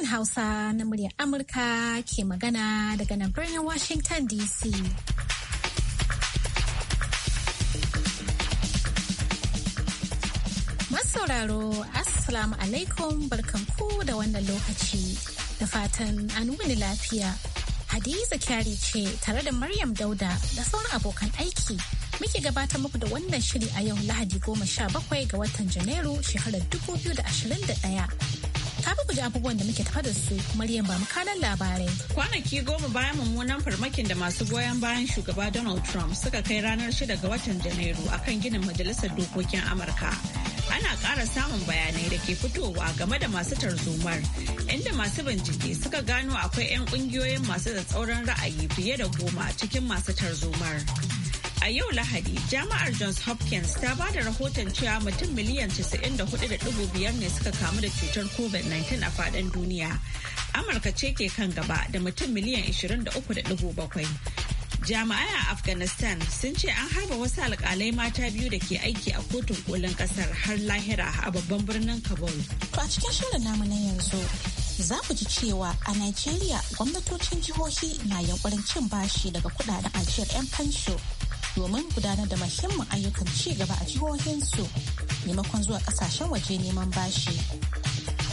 sashen Hausa na muryar Amurka ke magana daga nan birnin Washington DC. Masauraro, Assalamu alaikum barkanku da wannan lokaci da fatan an wuni lafiya. Hadiza kyari ce tare da Maryam Dauda da sauran abokan aiki muke gabatar muku da wannan shiri a yau Lahadi goma sha bakwai ga watan Janairu shekarar 2021. Kafin ku ji abubuwan da muke tafa da su, Maryam ba makanan labarai. Kwanaki goma bayan mummunan farmakin da masu goyon bayan shugaba Donald Trump suka kai ranar 6 ga watan Janairu a kan ginin Majalisar Dokokin Amurka. Ana ƙara samun bayanai da ke fitowa game da masu tarzomar, inda masu bincike suka gano akwai 'yan ƙungiyoyin masu da tsauran ra'ayi fiye da goma cikin masu tarzomar. A yau Lahadi, Jami'ar Johns Hopkins ta ba da rahoton cewa mutum miliyan 94.5 ne suka kamu da cutar COVID-19 a faɗin duniya. Amurka ce ke kan gaba da mutum miliyan 23.7. Jami'ai a Afghanistan sun ce an harba wasu alkalai mata biyu da ke aiki a kotun kolin ƙasar har lahira a babban birnin Kabul. To a cikin shirin namu na yanzu za ku ji cewa a Najeriya gwamnatocin jihohi na yankurin cin bashi daga kudaden ajiyar 'yan fansho domin gudanar da muhimmin ayyukan ci gaba a jihohinsu maimakon zuwa kasashen waje neman bashi.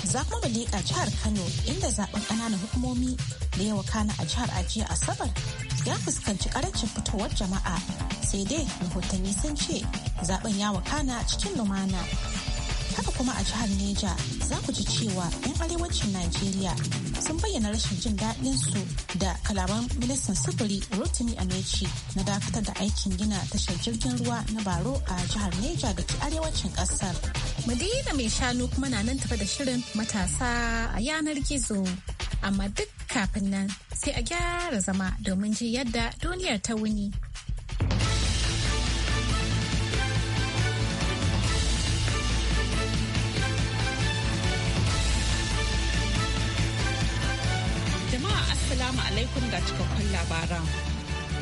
Za kuma leƙa jihar Kano inda zaɓen ƙananan hukumomi da yawa kana a jihar ajiya Asabar ya fuskanci ƙarancin fitowar jama'a sai dai rahotanni sun ce zaɓen ya wakana cikin lumana. kuma a jihar Neja za ku ji cewa 'yan arewacin Najeriya sun bayyana rashin jin daɗin su da kalaman ministan sufuri Rotimi Amechi na dakatar da aikin gina tashar jirgin ruwa na Baro a jihar Neja da ke arewacin ƙasar. Madina mai shanu kuma na nan tafa da shirin matasa a yanar gizo. Amma duk kafin nan sai a gyara zama domin ji yadda duniyar ta wuni. ga cikakkun labaran.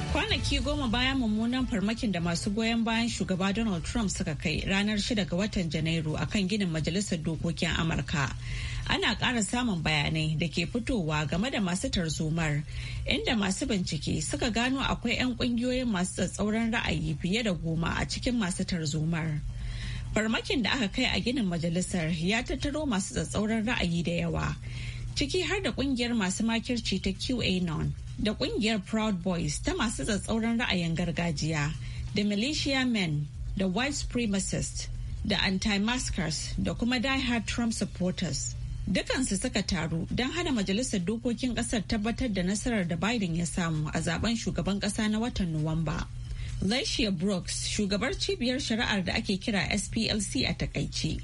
Kwanaki goma bayan mummunan farmakin da masu goyon bayan shugaba Donald Trump suka kai ranar 6 ga watan Janairu a kan ginin Majalisar Dokokin Amurka. Ana ƙara samun bayanai da ke fitowa game da masu tarzomar, inda masu bincike suka gano akwai 'yan ƙungiyoyin masu tsatsauran ra'ayi fiye da goma a cikin masu tarzomar. Farmakin da aka kai a ginin majalisar ya tattaro masu tsatsauran ra'ayi da yawa. ciki har da kungiyar masu makirci ta QAnon da kungiyar Proud Boys ta masu tsatsauran ra'ayin gargajiya da Militia Men da White Supremacists da Anti-Maskers da kuma Die Hard Trump Supporters. Dukansu suka taru don hana Majalisar Dokokin Ƙasar tabbatar da nasarar da Biden ya samu a zaben shugaban ƙasa na watan Nuwamba. Laisha Brooks, shugabar cibiyar shari'ar da ake kira SPLC a takaice,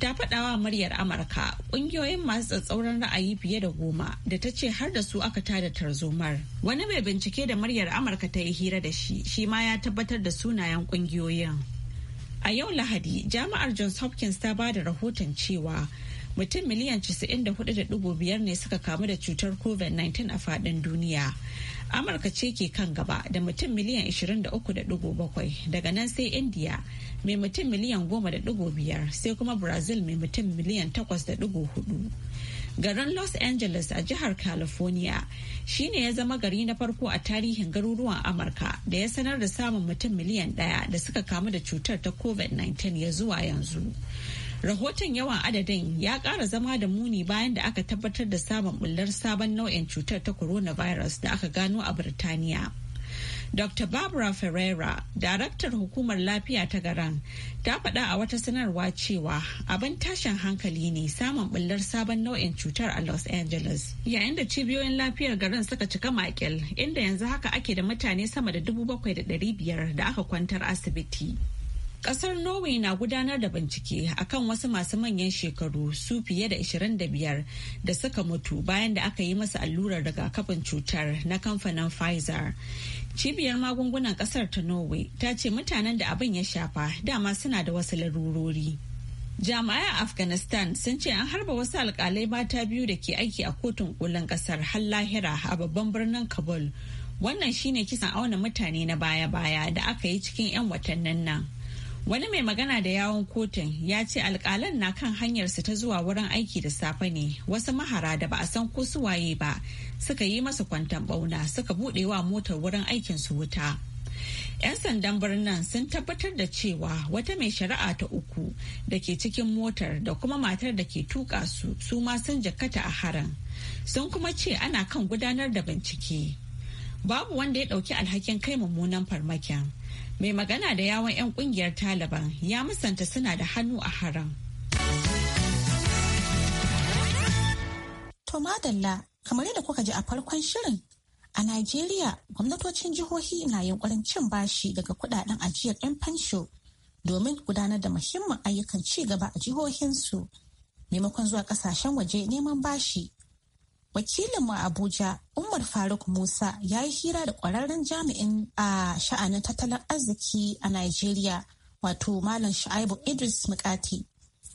ta faɗawa muryar amurka ƙungiyoyin masu tsatsauran ra'ayi fiye da goma da ta ce har da su aka tada tarzomar wani mai bincike da muryar amurka ta yi hira da shi shi ma ya tabbatar da sunayen ƙungiyoyin a yau lahadi jami'ar johns hopkins ta ba da rahoton cewa mutum miliyan 94.5 ne suka kamu da cutar covid-19 a fadin duniya amurka ce ke kan gaba da mutum miliyan 23.7 daga nan sai india mai mutum miliyan 10.5 sai kuma brazil mai mutum miliyan 8.4 garin los angeles a jihar california shine ya zama gari na farko a tarihin garuruwan amurka da ya sanar da samun mutum miliyan daya da suka kamu da cutar ta covid-19 ya zuwa yanzu rahoton yawan adadin ya kara zama da muni bayan da aka tabbatar da samun bullar sabon nau'in cutar ta coronavirus da aka gano a birtaniya dr barbara ferreira daraktar hukumar lafiya ta garan ta faɗa a wata sanarwa cewa abin tashin hankali ne samun bullar sabon nau'in cutar a los angeles yayin da cibiyoyin lafiyar garin suka cika makil inda yanzu haka ake da mutane sama da 7,500 da aka kwantar asibiti. Kasar Norway na gudanar da bincike akan wasu masu manyan shekaru su fiye da 25 da suka mutu bayan da aka yi masa allurar rigakafin cutar na kamfanin Pfizer. Cibiyar magungunan kasar ta Norway ta ce mutanen da abin ya shafa dama suna da wasu larurori. Jami'ai a Afghanistan sun ce an harba wasu alkalai mata biyu da ke aiki a kotun kolin kasar har lahira a babban birnin Kabul. Wannan shine kisan auna mutane na baya-baya da aka yi cikin 'yan watannin nan. Wani mai magana da yawon kotun ya ce alkalan na kan hanyarsa ta zuwa wurin aiki da safe ne wasu mahara da ba a san ko su waye ba suka yi masa kwantan bauna suka wa motar wurin aikin su wuta. 'Yan sandan birnin sun tabbatar da cewa wata mai shari'a ta uku da ke cikin motar da kuma matar da ke tuka su su ma sun jakata a haran. Sun kuma ce ana kan gudanar da bincike. Babu wanda ya ɗauki alhakin kai mummunan farmakin. mai magana da yawon 'yan kungiyar taliban ya musanta suna da hannu a haram. to madalla kamar yadda kuka ji a farkon shirin a najeriya gwamnatocin jihohi na yunkurin cin bashi daga kudaden ajiyar 'yan fansho domin gudanar da muhimmin ayyukan ci gaba a jihohinsu maimakon zuwa kasashen waje neman bashi wakilinmu a abuja umar faruk musa ya yi hira da kwararren jami'in a sha'anin tattalin arziki a nigeria wato malam shu'aibu idris mukati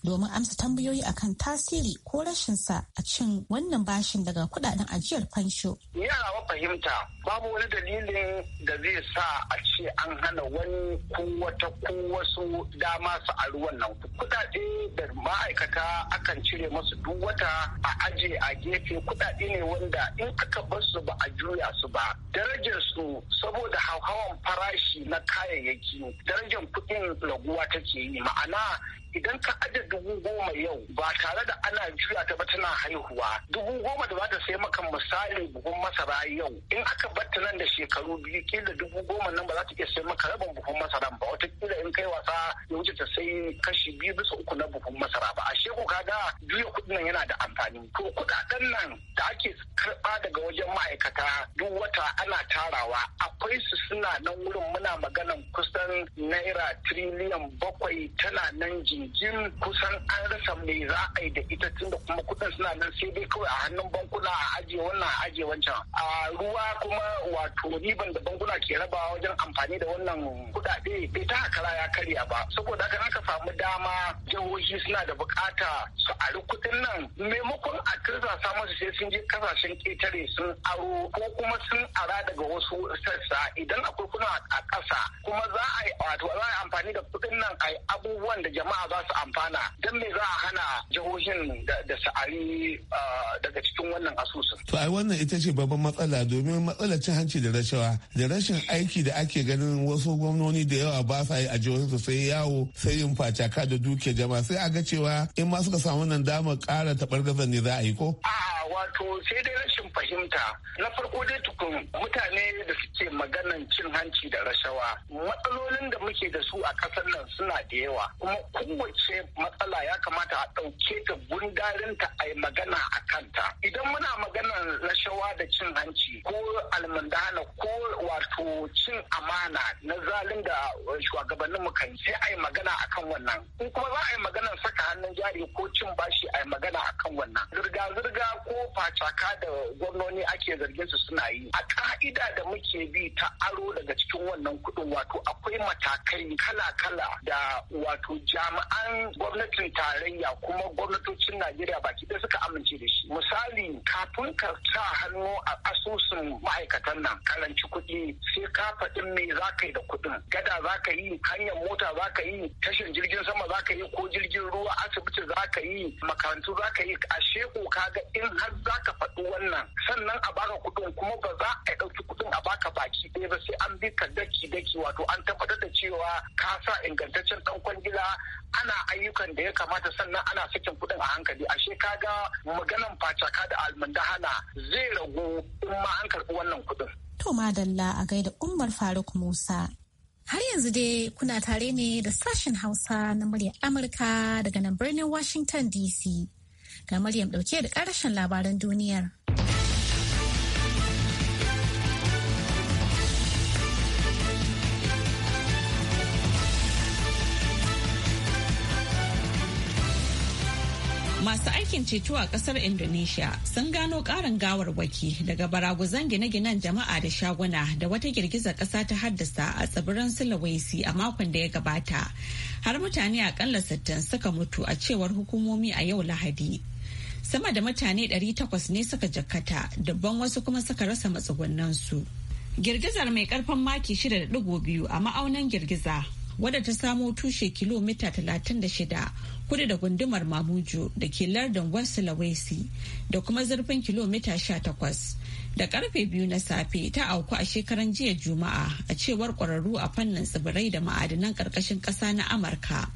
domin amsa tambayoyi akan tasiri ko rashinsa a cin wannan bashin daga kudaden ajiyar fansho. Yara ba fahimta babu wani dalilin da zai sa a ce an hana wani ko wata ko wasu dama su a ruwan nan. Kudade da ma'aikata akan cire masu duk wata a aje a gefe kudade ne wanda in aka bar su ba a juya su ba. Darajar su saboda hauhawan farashi na kayayyaki darajar kuɗin laguwa take yi ma'ana idan ka aje dubu goma yau ba tare da ana juya ta ba tana haihuwa dubu goma da bata ta sai maka misali buhun masara yau in aka batta nan da shekaru biyu kila dubu goma nan ba za ta iya sai maka rabin buhun masara. ba kila in kai wasa ya wuce ta sai kashi biyu bisa uku na buhun masara ba ashe ko kaga juya kudin nan yana da amfani to kuɗaɗen nan da ake karɓa daga wajen ma'aikata duk wata ana tarawa akwai su suna nan wurin muna maganan kusan naira tiriliyan bakwai tana nan jiya jin kusan an rasa me za a yi da ita tun da kuma kudin suna nan sai dai kawai a hannun bankuna a ajiye wannan a ajiye wancan a ruwa kuma wato riban da bankuna ke rabawa wajen amfani da wannan kudade bai ta hakara ya karya ba saboda haka aka samu dama jihohi suna da bukata su ari kudin nan maimakon a tirzasa masu sai sun je kasashen ketare sun aro ko kuma sun ara daga wasu sassa idan akwai kuna a ƙasa kuma za a yi wato za a yi amfani da kudin nan a yi abubuwan da jama'a za su amfana don me za a hana jihohin da sa'ari ah, daga cikin wannan asusun. To ai wannan ita ce babban matsala domin matsalar cin hanci da rashawa da rashin aiki da ake ganin wasu gwamnoni da yawa ba sa yi a su sai yawo sai yin facaka da duke jama sai a ga cewa in ma suka samu nan damar kara taɓargazar ne za a yi ko? A'a wato sai dai rashin fahimta na farko dai tukun mutane da suke maganan cin hanci da rashawa matsalolin da muke da su a kasar nan suna da yawa kuma kowace matsala ya kamata a ɗauke ta gundarinta a yi magana a kanta idan muna na rashawa da cin hanci ko almundana ko wato cin amana na zalin da shugabannin mu kan sai a yi magana a kan wannan in kuma za a yi magana saka hannun jari ko cin bashi a yi magana a kan wannan zirga-zirga caka da gwamnoni ake zargin su suna yi a ka'ida da muke bi ta aro daga cikin wannan kuɗin wato akwai matakai kala-kala da wato jami'an gwamnatin tarayya kuma gwamnatocin najeriya baki ɗaya suka amince da shi misali kafin ka sa hannu a asusun ma'aikatan nan karanci kuɗi sai ka faɗi me za ka yi da kuɗin gada za ka yi hanyar mota za ka yi tashin jirgin sama za ka yi ko jirgin ruwa asibiti za ka yi makarantu za ka yi ashe ko kaga in har za za ka faɗi wannan sannan a baka kuɗin kuma ba za a ɗauki kuɗin a baka baki ɗaya ba sai an bi ka daki daki wato an tabbatar da cewa ka sa ingantaccen ɗan kwangila ana ayyukan da ya kamata sannan ana sakin kuɗin a hankali ashe ka ga maganan facaka da almundahana zai ragu in ma an karɓi wannan kuɗin. To madalla a gaida Umar Faruk Musa Har yanzu dai kuna tare ne da sashen Hausa na murya Amurka daga nan birnin Washington DC. ga Maryam ɗauke da karashin labaran duniyar. Masu aikin ceto a kasar Indonesia sun gano ƙarin gawarwaki daga baraguzan gine-ginen jama'a da shaguna da wata girgizar ƙasa ta haddasa a tsibirin Sulawesi a makon da ya gabata. Har mutane akalla sittin suka mutu a cewar hukumomi a yau Lahadi. sama da mutane 800 ne suka jakata dabban wasu kuma suka rasa matsugunansu girgizar mai karfin maki 6.2 a ma'aunin girgiza wadda ta samo tushe kilomita 36 kudu da gundumar mamujo da ke lardin west sulawesi da kuma zurfin kilomita 18 da karfe biyu na safe ta auku a shekaran jiya juma'a a cewar kwararru a fannin tsibirai da ma'adanan karkashin ƙasa na amurka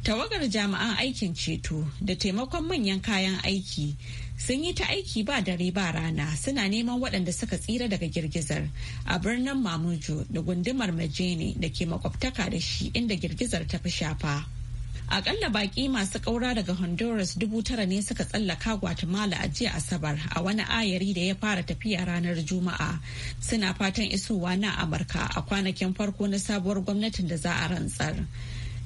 Tawagar jami'an aikin ceto da taimakon manyan kayan aiki sun yi ta aiki ba dare ba rana suna neman waɗanda suka tsira daga girgizar a birnin Mamuju da gundumar Majene da ke makwabtaka da shi inda girgizar ta fi shafa. akalla baƙi masu ƙaura daga honduras dubu tara ne suka tsallaka guatemala a jiya asabar a wani ayari da ya fara tafiya ranar juma'a suna fatan isowa na amurka a kwanakin farko na sabuwar gwamnatin da za a rantsar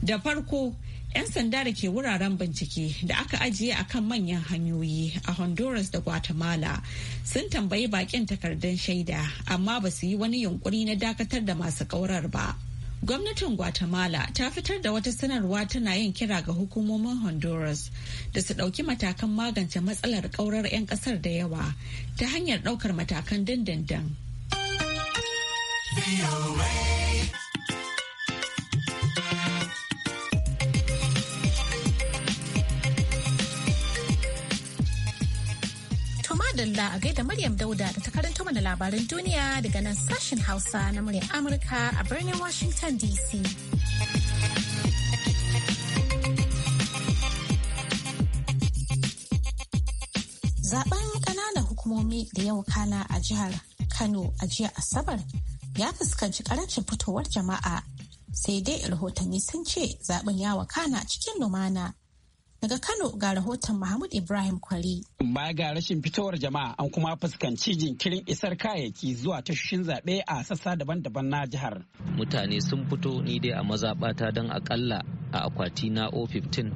da farko 'Yan sanda da ke wuraren bincike da aka ajiye a kan manyan hanyoyi a Honduras da Guatemala sun tambayi bakin takardun shaida amma ba su yi wani yunkuri na dakatar da masu kaurar ba. Gwamnatin Guatemala ta fitar da wata sanarwa tana yin kira ga hukumomin Honduras da su ɗauki matakan magance matsalar kaurar 'yan ƙasar da yawa ta hanyar ɗaukar matakan dindindin. madalla a gaida Maryam Dauda da ta karanta mana labaran duniya daga nan sashen Hausa na muryar Amurka a birnin Washington DC. Zaben ƙananan hukumomi da yau kana a jihar Kano a jiya Asabar ya fuskanci karancin fitowar jama'a sai dai rahotanni sun ce zaben ya wakana cikin lumana Daga Kano ga rahoton Mahmud Ibrahim Kwari. ba ga rashin fitowar jama'a an kuma fuskanci jinkirin isar kayayyaki zuwa tashoshin zaɓe a sassa daban-daban na jihar. Mutane sun fito ni dai a mazaɓata don akalla a akwati na O15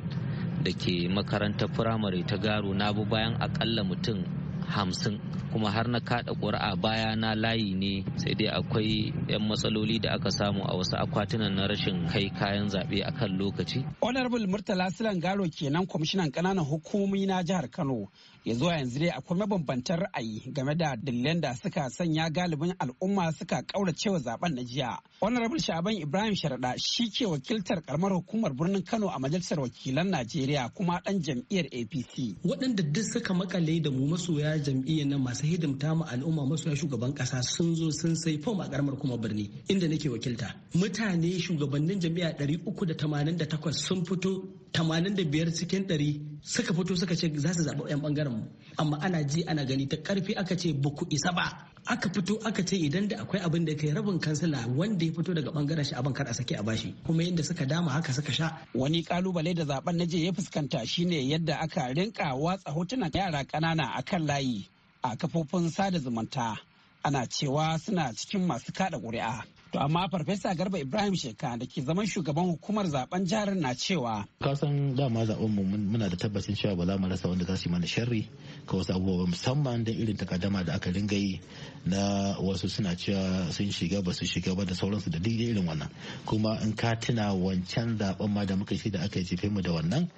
da ke makarantar firamare ta garo na bi bayan akalla mutum hamsin kuma har na kada ƙuri'a baya na layi ne sai dai akwai 'yan matsaloli da aka samu a wasu akwatunan na rashin kai kayan zaɓe a kan lokaci. honorable murtala silan garo kenan kwamishinan ƙananan hukumomi na jihar kano ya zuwa yanzu dai akwai mabambantan ra'ayi game da dalilan da suka sanya galibin al'umma suka kaurace wa zaben na jiya honorable shaban ibrahim sharada shi ke wakiltar karamar hukumar birnin kano a majalisar wakilan najeriya kuma dan jam'iyyar apc waɗanda duk suka makale da mu masoya jam'iyyar nan masu hidimta mu al'umma masoya shugaban ƙasa sun zo sun sai fom a karamar hukumar birni inda nake wakilta mutane shugabannin jam'iyyar 388 sun fito 85 cikin 100 suka fito suka ce za su zaɓi 'yan ɓangaren mu amma ana ji ana gani ta ƙarfi aka ce ba ku isa ba aka fito aka ce idan da akwai abin da kai rabin kansila wanda ya fito daga bangaren shi abin kar a sake a bashi kuma yadda suka dama haka suka sha wani kalubale da zaben na je ya fuskanta shine yadda aka rinka watsa hotunan yara kanana kan layi a kafofin sada zumunta ana cewa suna cikin masu kada ƙuri'a To amma Farfesa Garba Ibrahim Sheka da ke zaman shugaban hukumar zaben jihar na cewa. Ka san dama zaben mu muna da tabbacin cewa ba za mu rasa wanda za su yi mana sharri ka wasu abubuwa musamman da irin takadama da aka dinga yi na wasu suna cewa sun shiga ba su shiga ba da sauransu da duk irin wannan. Kuma in ka tuna wancan zaben ma da muka shi da aka jefe mu da wannan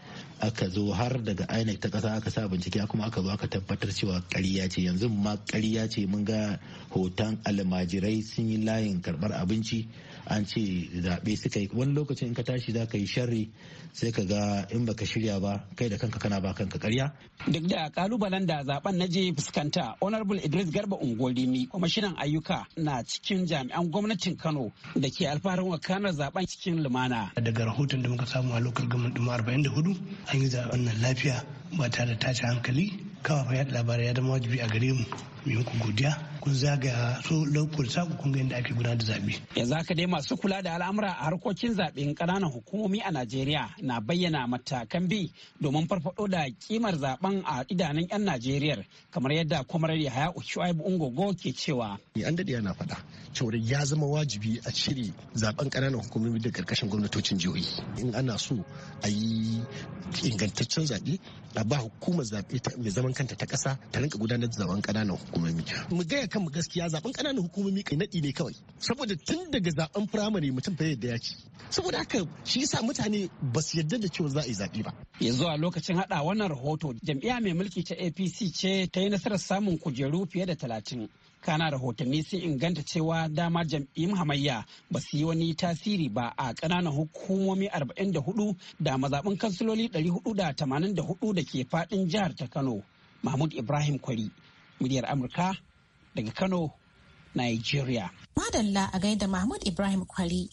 aka zo har daga INEC ta kasa aka sa bincike kuma aka zo aka tabbatar cewa ƙarya ce yanzu ma ƙarya ce mun ga hoton almajirai sun yi layin karɓar abinci an ce zaɓe suka yi wani lokacin in ka tashi za ka yi sharri sai ka ga in baka shirya ba kai da kanka kana ba kanka karya. duk da kalubalen da zaben na je fuskanta honorable idris garba ungolimi kwamishinan ayyuka na cikin jami'an gwamnatin kano da ke alfaharin wakanar zaben cikin lumana daga rahoton da muka samu a lokacin gaman dumu arba'in da hudu an yi zaben nan lafiya ba tare da tace hankali kawai yaɗa labarai ya zama wajibi a gare mu mu godiya kun zagaya so lokacin saku kun ga inda ake gudanar da zaɓe. yanzu haka dai masu kula da al'amura a harkokin zaɓen ƙananan hukumomi a najeriya na bayyana matakan bi domin farfaɗo da kimar zaben a idanun 'yan najeriya kamar yadda kwamar yahaya ushuaibu ungogo ke cewa. an daɗe yana faɗa cewa ya zama wajibi a cire zaben ƙananan hukumomi da ƙarƙashin gwamnatocin jihohi in ana so a yi ingantaccen zaɓe a ba hukumar zaɓe mai zaman kanta ta ƙasa ta rinka gudanar da zaben ƙananan hukumomi mu gaya kan mu gaskiya zaben kananan hukumomi kai nadi ne kawai saboda tun daga zaben firamare mutum fa yadda ya ci saboda haka shi yasa mutane ba su yarda da cewa za a yi zaɓe ba yanzu a lokacin hada wannan rahoto jam'iyya mai mulki ta APC ce ta yi nasarar samun kujeru fiye da talatin kana rahotanni sun inganta cewa dama jam'iyyun hamayya ba su yi wani tasiri ba a kananan hukumomi 44 da mazaɓin kansiloli 484 da ke faɗin jihar ta kano mahmud ibrahim kwari muryar Amurka daga Kano, Nigeria. Madalla a gaida Mahmud Ibrahim Kwari.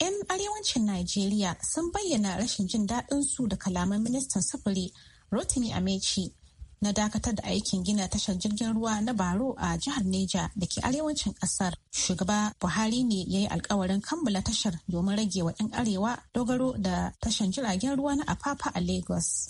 'Yan arewacin Najeriya sun bayyana rashin jin daɗin su da kalaman ministan sufuri Rotimi Amechi na dakatar da aikin gina tashar jirgin ruwa na Baro a jihar Neja da ke arewacin ƙasar. Shugaba Buhari ne ya yi alkawarin kammala tashar domin rage wa 'yan arewa dogaro da tashar jiragen ruwa na Apapa a Lagos.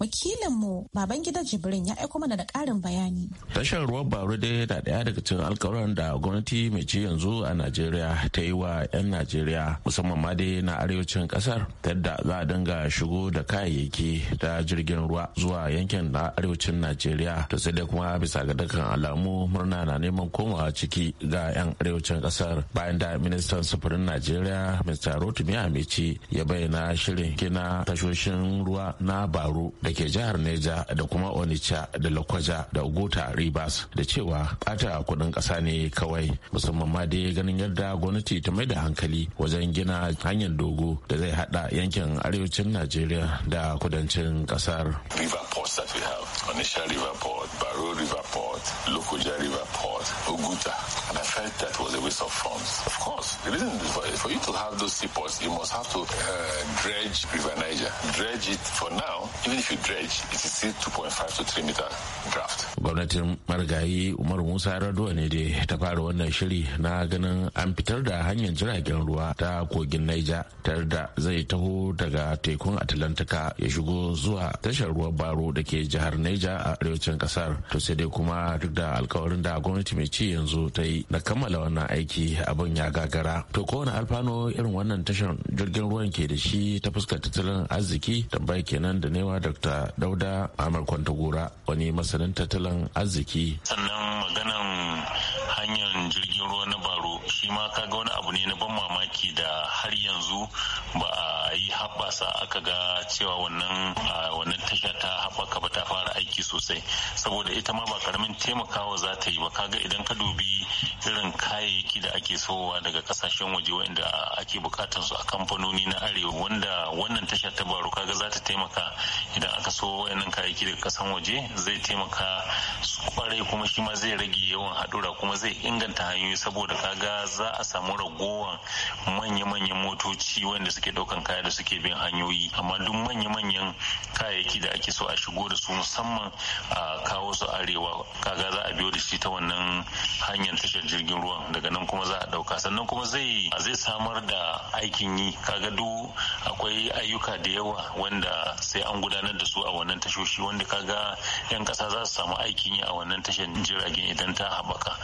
wakilinmu baban gida jibrin ya aiko mana da ƙarin bayani tashar ruwan baro dai na ɗaya daga cikin alkawarin da gwamnati mai ci yanzu a najeriya ta yi wa 'yan najeriya musamman ma dai na arewacin ƙasar ta yadda za a dinga shigo da kayayyaki da jirgin ruwa zuwa yankin na arewacin najeriya to sai dai kuma bisa ga dukkan alamu murna na neman komawa ciki ga 'yan arewacin ƙasar bayan da ministan sufurin najeriya mr rotimi amici ya bayyana shirin gina tashoshin ruwa na baro da ke jihar neja da kuma onitsha da lokoja da Ogota rivers da cewa bata kuɗin ƙasa ne kawai musamman ma dai ganin yadda gwamnati ta mai da hankali wajen gina hanyar dogo da zai haɗa yankin arewacin najeriya da kudancin ƙasar. river ports that we have, Ro River Port, Lokoja River Port, Oguta. And I felt that was a waste of funds. Of course, the reason for, for you to have those seaports, you must have to uh, dredge River Niger. Dredge it for now. Even if you dredge, it is still 2.5 to 3 meter draft. Gwamnatin marigayi Umar Musa Rado ne dai ta fara wannan shiri na ganin an fitar da hanyar jiragen ruwa ta kogin Niger tare da zai taho daga tekun Atlantika ya shigo zuwa tashar ruwan Baro da ke jihar Niger a arewacin kasar to sai dai kuma duk da alkawarin da gwamnati mai ci yanzu ta yi na kammala wannan aiki abin ya gagara to kowane alfano irin wannan tashar jirgin ruwan ke da shi ta fuskar tattalin arziki tambaya kenan da newa dr dauda amar kwantagora wani masanin tattalin arziki sannan maganan hanyar jirgin ruwa na baro shi ma kaga wani abu ne na ban mamaki da har yanzu ba a yi haɓasa aka ga cewa wannan wannan tasha ta haɓaka ba ta fara sosai saboda ita ma ba karamin taimakawa za ta yi ba kaga idan ka dubi irin kayayyaki da ake sowa daga kasashen waje wanda ake bukatar su a kamfanoni na arewa wanda wannan tashar ta baro kaga za ta taimaka idan aka so wayannan kayayyaki daga kasan waje zai taimaka su kwarai kuma shi ma zai rage yawan haɗura kuma zai inganta hanyoyi saboda kaga za a samu ragowan manya-manyan motoci wanda suke ɗaukan kaya da suke bin hanyoyi amma duk manya-manyan kayayyaki da ake so a shigo da su musamman a kawo su arewa kaga za a biyo da shi ta wannan hanyar tashar jirgin ruwan daga nan kuma za a dauka sannan kuma zai zai samar da aikin yi kaga duk akwai ayyuka da yawa wanda sai an gudanar da su a wannan tashoshi wanda kaga yan kasa za su samu aikin yi a wannan tashar jiragen idan ta haɓaka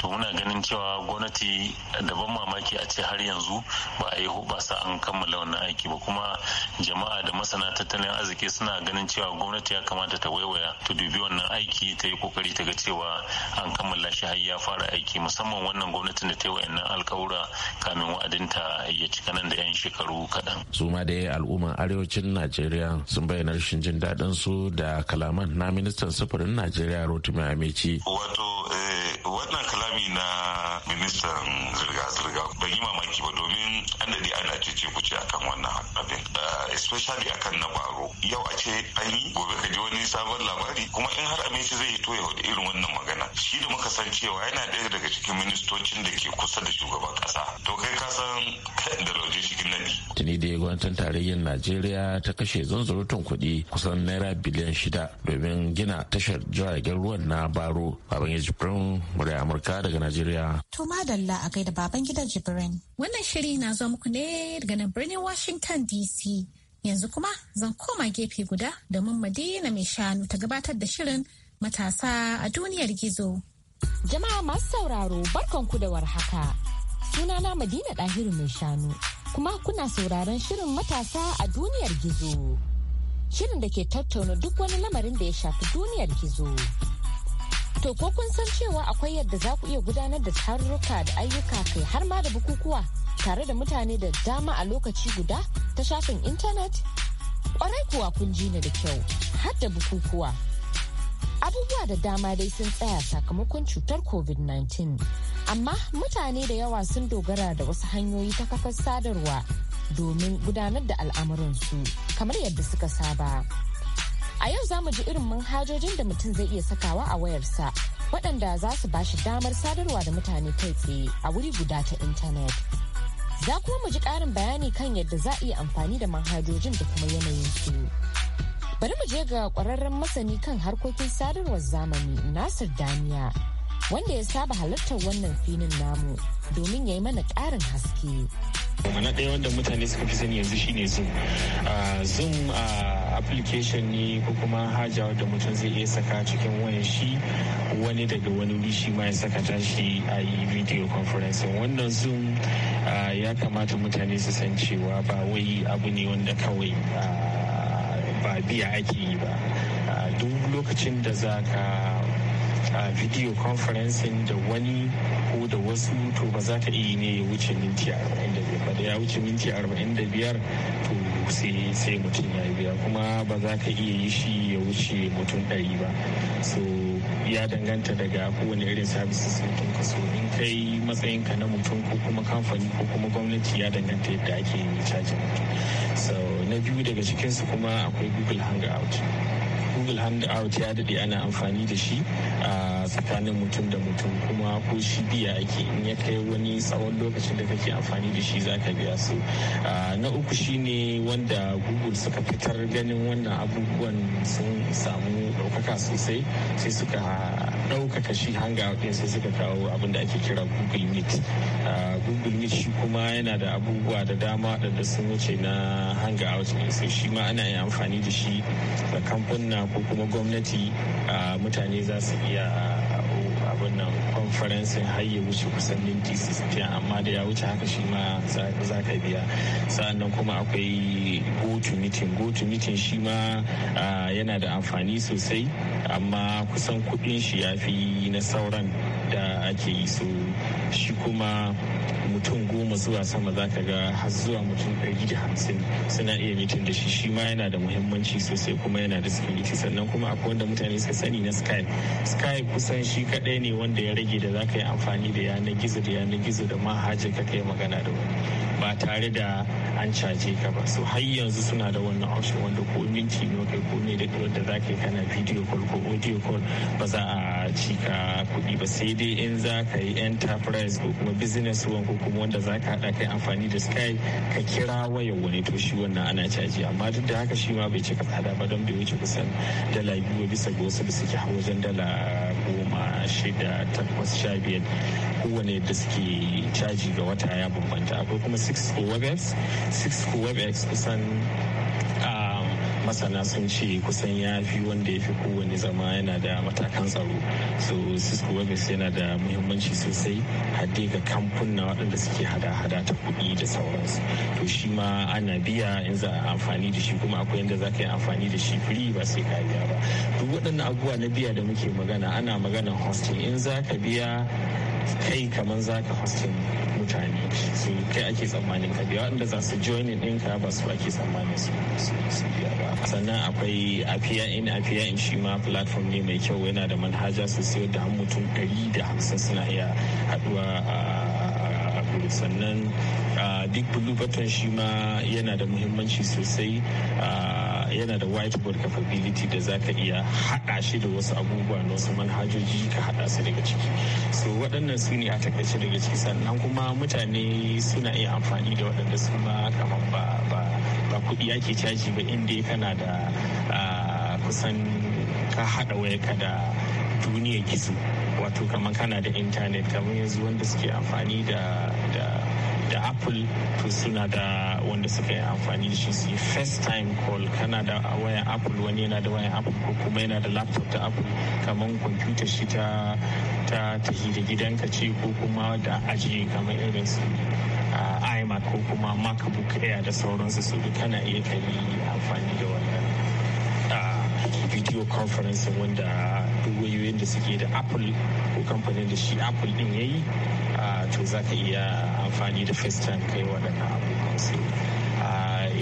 to muna ganin cewa gwamnati da ban mamaki a ce har yanzu ba a yi hubasa an kammala wannan aiki ba kuma jama'a da masana tattalin arziki suna ganin cewa gwamnati ya kamata ta waiwaya ta dubi wannan aiki ta yi kokari ta ga cewa an kammala shi har ya fara aiki musamman wannan gwamnatin da ta yi yannan alkawura kamin wa'adinta ya cika nan da 'yan shekaru kaɗan. su ma dai al'umman arewacin najeriya sun bayyana rashin jin daɗin su da kalaman na ministan sufurin najeriya rotimi amici. wato eh, wannan kalami na ministan zirga-zirga ban yi mamaki ba domin an daɗe ana cece kuce akan wannan abin eh, especially akan na baro yau a ce an yi gobe ka ji wani sabon labari kuma in same shi zai hito ya irin wannan magana shi da muka san cewa yana ɗaya daga cikin ministocin da ke kusa da shugaban kasa. to kai ka san da lauje shi nadi tuni da gwamnatin tarayyar najeriya ta kashe zanzurutun kuɗi kusan naira biliyan shida domin gina tashar jiragen ruwan na baro baban ya jibrin murya amurka daga najeriya to madalla a gaida baban gidan jibrin wannan shiri na zo muku ne daga nan birnin washington dc Yanzu kuma zan koma gefe guda domin Madina mai shanu ta gabatar da shirin matasa a duniyar gizo. Jama'a masu sauraro barkanku da warhaka. Sunana Madina Ɗahiru mai shanu kuma kuna sauraron shirin matasa a duniyar gizo. Shirin da ke tattauna duk wani lamarin da ya shafi duniyar gizo. To ko kun san cewa akwai yadda za ku iya gudanar da tarurruka da ayyuka kai har ma da bukukuwa tare da mutane da dama a lokaci guda ta shafin intanet? Kwarai kuwa kun ji ni da kyau, har da bukukuwa. Abubuwa da dama dai sun tsaya sakamakon cutar COVID-19, amma mutane da yawa sun dogara da wasu hanyoyi ta kafar sadarwa domin gudanar da al'amuransu kamar yadda suka saba. A yau za mu ji irin manhajojin da mutum zai iya sakawa a wayarsa waɗanda za su ba shi damar sadarwa da mutane kai tsaye a wuri guda ta intanet. Za kuma mu ji ƙarin bayani kan yadda za a iya amfani da manhajojin da kuma yanayin su. Bari mu je ga ƙwararren masani kan harkokin sadarwar zamani Nasir daniya wanda ya saba halartar wannan filin namu domin ya yi mana ƙarin haske. mana ɗaya wanda mutane suka fi sani yanzu shine zoom ah, zoom ah, application ne ko kuma haja wanda mutum zai iya saka cikin wayan shi wani daga wani wuri shi ma ya saka tashi a yi video conferencing wannan zoom ah, ya kamata mutane su san cewa ba wai abu ne wanda kawai ba biya ake yi ba duk lokacin da za ka a video conferencing da wani ko da wasu to ba za ta iya ne ya wuce minti 45 ba da ya wuce minti 45 to sai mutum ya biya kuma ba za ka iya yi shi ya wuce mutum 100 ba so ya danganta daga kowane irin services mutum ka so in kai matsayinka na mutum ko kuma kamfani ko kuma gwamnati ya danganta yadda ake cajin mutum so na biyu daga cikinsu kuma akwai google hangout single hand out ya daɗe ana amfani da shi a ah, tsakanin mutum da mutum kuma ko shi biya ake in ya kai wani tsawon lokacin da kake amfani da shi zaka biya su ah, na uku shine wanda google suka fitar ganin wannan abubuwan sun samu ɗaukaka sosai sai suka ɗaukaka shi hanga ɗin sai suka kawo abin da ake kira google meet ah, google meet shi kuma yana da abubuwa da dama da sun wuce na hanga ɗin sai shi ma ana yin amfani da shi da kamfuna ko kuma gwamnati ah, mutane za su iya abin nan conferencing har ya wuce kusan minti 60 amma da ya wuce haka shi ma za ka biya nan kuma akwai go to meeting go to meeting shi ma yana da amfani sosai amma kusan kudin shi ya fi na sauran da ake yi so shi kuma mutum goma zuwa sama za ka ga har zuwa mutum ɗari da hamsin suna iya mitin da shi shi ma yana da muhimmanci sosai kuma yana da security sannan kuma akwai wanda mutane suka sani na skype skype kusan shi kaɗai ne wanda ya rage da za ka yi amfani da yanar gizo da yanar gizo da manhajar ka kai magana da wani ba tare da an caje ka ba so har yanzu suna da wannan option wanda ko minti ne kai ko ne da da za ka yi kana video call ko audio call ba za a cika kuɗi ba sai dai in za ka yi enterprise ko kuma business ruwan ko kuma wanda za ka haɗa kai amfani da sky ka kira wayar wani to shi wannan ana caji amma duk da haka shi ma bai cika tsada ba don bai wuce kusan dala biyu bisa ga wasu da suke wajen dala goma shida takwas sha biyar kowane da suke caji ga wata ya bambanta akwai kuma 6 ko 6 webx kusan masana sun ce kusan ya fi wanda ya fi kowane zama yana da matakan tsaro so cisco webex yana da muhimmanci sosai hadde ga kamfuna waɗanda suke hada-hada ta kuɗi da sauransu to shi ma ana biya in za a amfani da shi kuma akwai yadda za ka yi amfani da shi free ba sai ka biya ba duk waɗannan abubuwa na biya da muke magana ana magana hosting in za ka biya kai kamar za ka hosting mutane su kai ake tsammanin ka biya waɗanda za su join in ɗinka ba su ake tsammanin su biya ba sannan akwai afiya in afiya in shi ma platform ne mai kyau yana da manhaja sosai da mutum ɗari da hamsin suna iya haɗuwa a guri sannan duk blue button shi ma yana da muhimmanci sosai yana da whiteboard capability da za ka iya haɗa shi da wasu abubuwa na wasu manhajoji ka haɗa su daga ciki so waɗannan su ne a takaice daga ciki sannan kuma mutane suna iya amfani da waɗanda su ma kamar ba ba kuɗi ake caji ba inda kana da kusan ka haɗa wayarka da duniya gizo wato kamar kana da intanet kamar yanzu wanda suke amfani da da apple to suna da wanda suka yi amfani da shi su yi first time call kana da wayan apple wani yana da wayan apple ko kuma yana da laptop ta apple kamar kwamfuta shi ta ta tafi da gidanka ce ko kuma da ajiye kamar irin su ah, imac ko kuma macbook air da sauransu su kana iya kai amfani da wannan ah, video conferencing wanda duk wayoyin da suke da apple ko kamfanin da shi apple din ya to za ka iya amfani da facetime kai waɗannan abubuwan su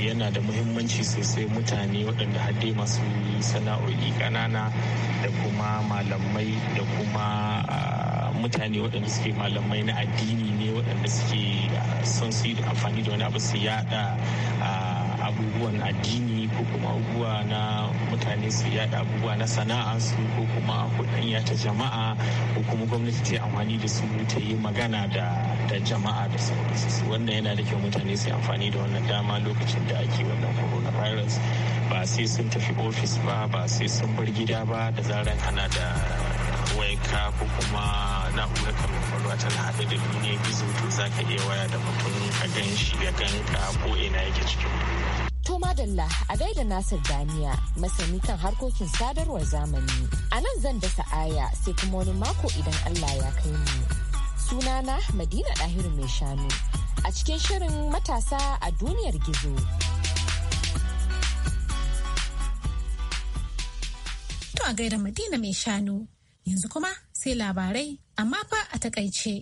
yana da muhimmanci sosai mutane waɗanda dai masu sana'o'i ƙanana da kuma malamai da kuma mutane waɗanda suke malamai na addini ne waɗanda suke son su yi amfani da wani abu su yada abubuwan addini ko kuma abubuwa na mutane su yada abubuwa na sana'arsu ko kuma kudin ta jama'a ko kuma gwamnati ta yi amfani da su ta yi magana da jama'a da sauransu wannan yana da kyau mutane su amfani da wannan dama lokacin da ake wannan coronavirus ba sai sun tafi ofis ba ba sai sun bar gida ba da zaran ana da waika ko kuma na'urar kamar kwakwalwa tana haɗe da duniya gizo to za ka iya waya da mutum ka gan shi ya ganka ko ina yake cikin To madalla a gaida Nasir Zaniya masani kan harkokin sadarwar zamani. A nan zan dasa aya sai kuma wani mako idan Allah ya kai mu. Sunana Madina Dahiru mai shanu a cikin shirin matasa a duniyar gizo. To a gaida Madina mai shanu yanzu kuma sai labarai amma fa a takaice.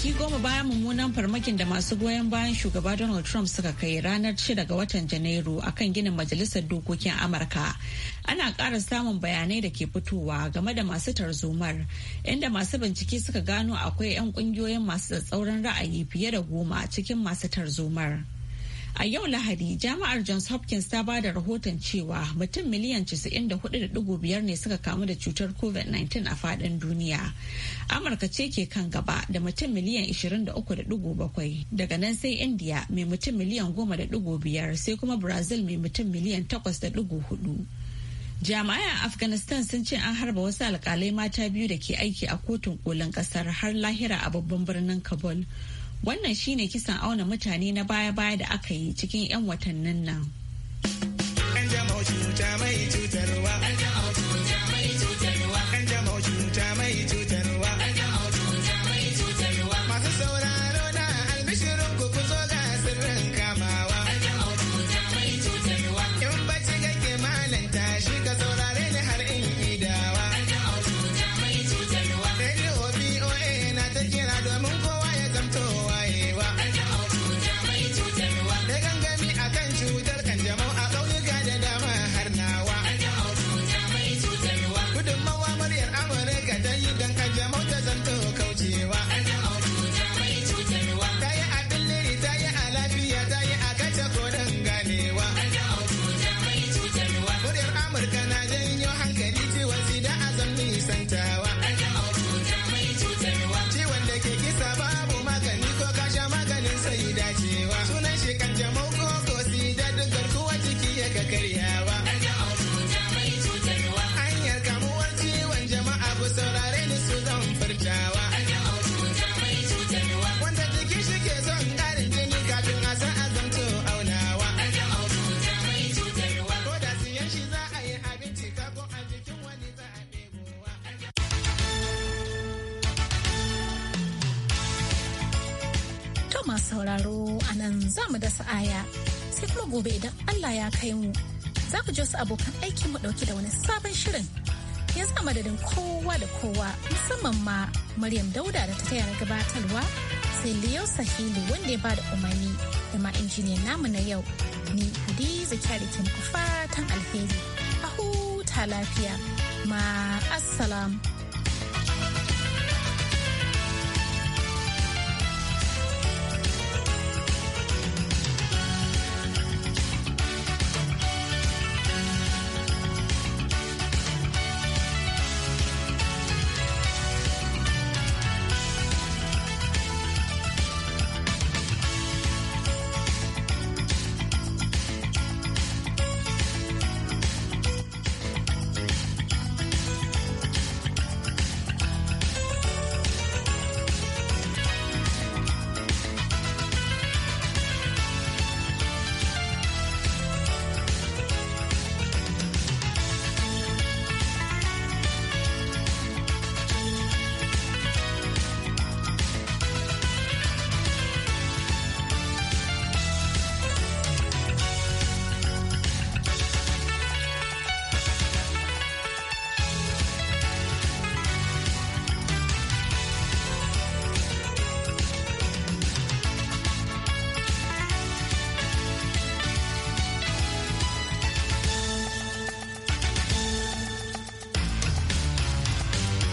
kwanaki goma bayan mummunan farmakin da masu goyon bayan shugaba Donald Trump suka kai ranar 6 ga watan Janairu a kan ginin Majalisar Dokokin Amurka. Ana ƙara samun bayanai da ke fitowa game da masu tarzomar, inda masu bincike suka gano akwai 'yan ƙungiyoyin masu tsatsauran ra'ayi fiye da goma cikin masu tarzomar. A yau Lahadi, jami'ar Johns Hopkins ta ba da rahoton cewa mutum miliyan 94.5 ne suka kamu da cutar COVID-19 a fadin duniya. Amurka ce ke kan gaba da mutum miliyan 23.7 daga nan sai India mai mutum miliyan 10.5 sai kuma Brazil mai mutum miliyan 8.4. jami'ai a afghanistan sun ce an harba wasu alkalai mata biyu da ke aiki a kotun kolin kasar har lahira a babban birnin kabul Wannan shine kisan auna mutane na baya-baya da aka yi cikin 'yan watannin nan. sauraro a nan za mu dasa aya sai kuma gobe idan Allah ya kai mu za ku ji wasu abokan aiki mu dauki da wani sabon shirin ya za madadin kowa da kowa musamman ma Maryam Dauda da ta taya na gabatarwa sai Leo Sahili wanda ya ba da umarni da ma injiniyan namu na yau ni Hadiza Kyari ke muku fatan alheri a huta lafiya ma assalamu